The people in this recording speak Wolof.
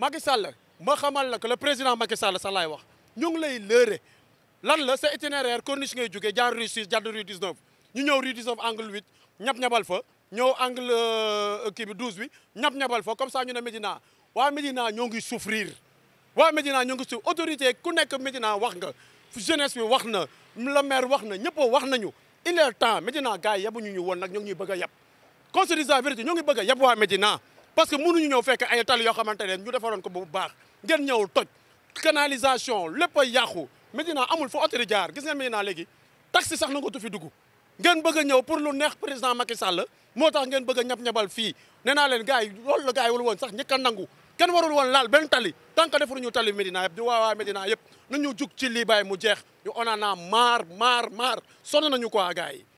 Macky ma xamal la que le président Macky Sall sa laay wax ñu ngi lay lëre lan la sa itinéraire corniche ngay jógee jaar rue 6 jaar rue 19 ñu ñëw rue 19 angle 8 ñab-ñabal fa ñëw angle euh, kii bi 12 bi ñab-ñabal fa comme ça ñu ne Médina waa Médina ñoo ngi souffrir waa Médina ñoo ngi souffrir autorité ku nekk Médina wax nga jeunesse bi wax na le maire wax na ñëpp wax nañu il est temps Médina gars yi yabuñu ñu woon nag ñoo ngi ñuy bëgg a yab qu'on se dise la vérité ñoo ngi a yab waa Médina parce que mënuñu ñëw fekk ay tali yoo ne ñu defaroon ko bu baax ngeen ñëw toj canalisation lépp a yàqu Médina amul fa oto jaar gis ngeen Médina léegi taxi sax na nga tu fi dugg ngeen bëgg ñëw pour lu neex président Macky Sall moo tax ngeen bëgg a ñab-ñabal fii nee naa leen gars yi loolu la gars yi wala woon sax ñëkk a nangu kenn warul woon laal benn tali tant que defuñu tali Médina yëpp di waa waa Médina yëpp nu ñu jug ci lii bàyyi mu jeex ñu on en a marre marre marre sonn nañu quoi